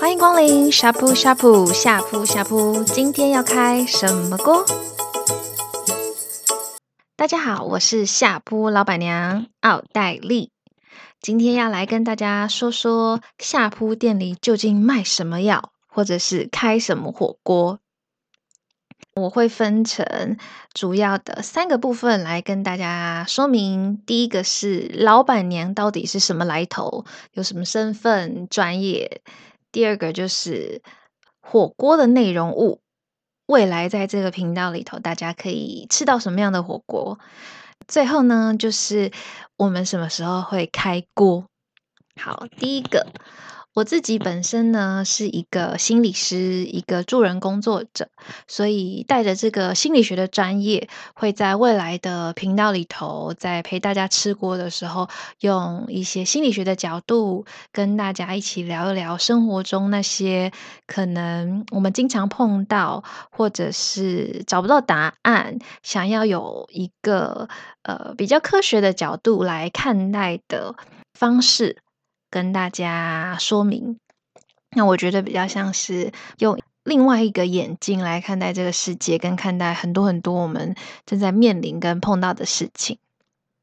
歡迎光臨夏噗夏噗夏噗夏噗，今天要開什麼鍋？大家好，我是夏噗老闆娘奧黛麗，今天要來跟大家說說夏噗店裡究竟賣什麼藥，或者是開什麼火鍋。我會分成主要的三個部分來跟大家說明。第一個是老闆娘到底是什麼來頭，有什麼身份、專業。第二個就是火鍋的內容物，未來在這個頻道裡頭，大家可以吃到什麼樣的火鍋？最後呢，就是我們什麼時候會開鍋。好，第一個。我自己本身呢是一個心理師，一個助人工作者，所以帶着這個心理學的專業，會在未來的頻道裡頭，在陪大家吃鍋的時候，用一些心理學的角度，跟大家一起聊一聊生活中那些可能我們經常碰到，或者是找不到答案，想要有一個呃比較科學的角度來看待的方式。跟大家說明，那我覺得比較像是用另外一個眼睛來看待這個世界，跟看待很多很多我們正在面臨跟碰到的事情。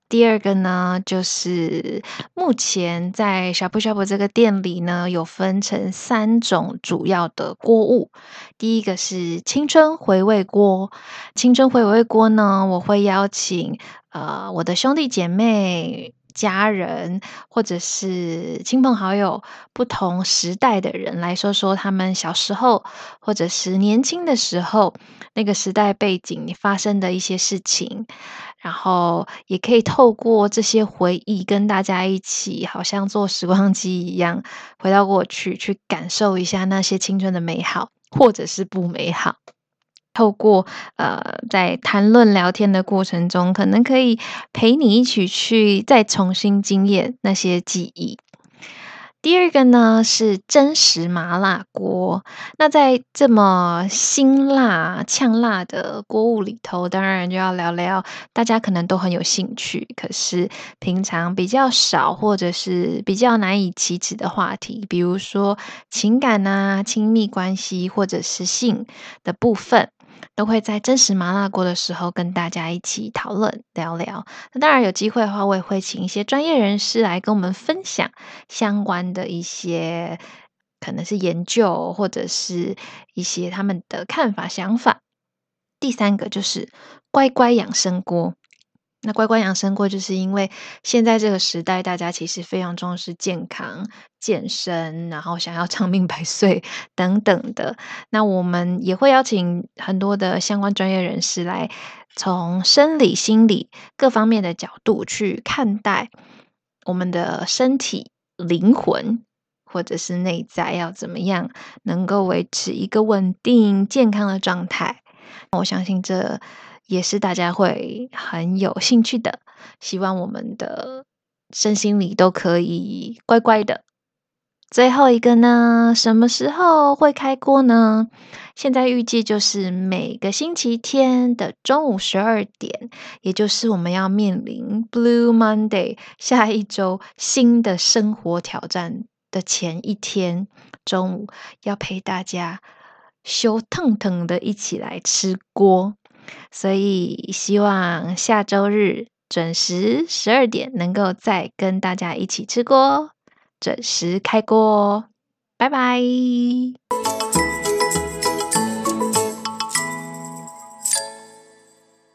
第二個呢，就是目前在夏噗夏噗這個店裡呢，有分成三種主要的鍋物。第一個是青春回味鍋，青春回味鍋呢，我會邀請呃我的兄弟姐妹。家人或者是親朋好友，不同時代的人來說說他們小時候或者是年輕的時候那個時代背景發生的一些事情，然後也可以透過這些回憶跟大家一起，好像坐時光機一樣回到過去，去感受一下那些青春的美好或者是不美好。透過呃，在談論聊天的過程中，可能可以陪你一起去再重新經驗那些記憶。第二個呢是真實麻辣鍋。那在這麼辛辣嗆辣的鍋物裡頭，當然就要聊聊大家可能都很有興趣，可是平常比較少或者是比較難以啟齒的話題，比如說情感吶、啊、親密關係或者是性的部分。都會在真實麻辣鍋的時候跟大家一起討論聊聊。那當然有機會的話，我也會請一些專業人士來跟我們分享相關的一些，可能是研究或者是一些他們的看法想法。第三個就是乖乖養生鍋。那乖乖養生鍋，就是因為現在這個時代，大家其實非常重視健康、健身，然後想要長命百歲等等的。那我們也會邀請很多的相關專業人士來，從生理、心理各方面的角度去看待我們的身體、靈魂，或者是內在要怎麼樣，能夠維持一個穩定、健康的狀態。我相信這，也是大家會很有興趣的，希望我們的身心裡都可以乖乖的。最後一個呢，什麼時候會開鍋呢？現在預計就是每個星期天的中午十二點，也就是我們要面臨 Blue Monday, 下一周新的生活挑戰的前一天中午，要陪大家修騰騰的一起來吃鍋。所以希望下週日準時十二點能夠再跟大家一起吃鍋，準時開鍋，拜拜。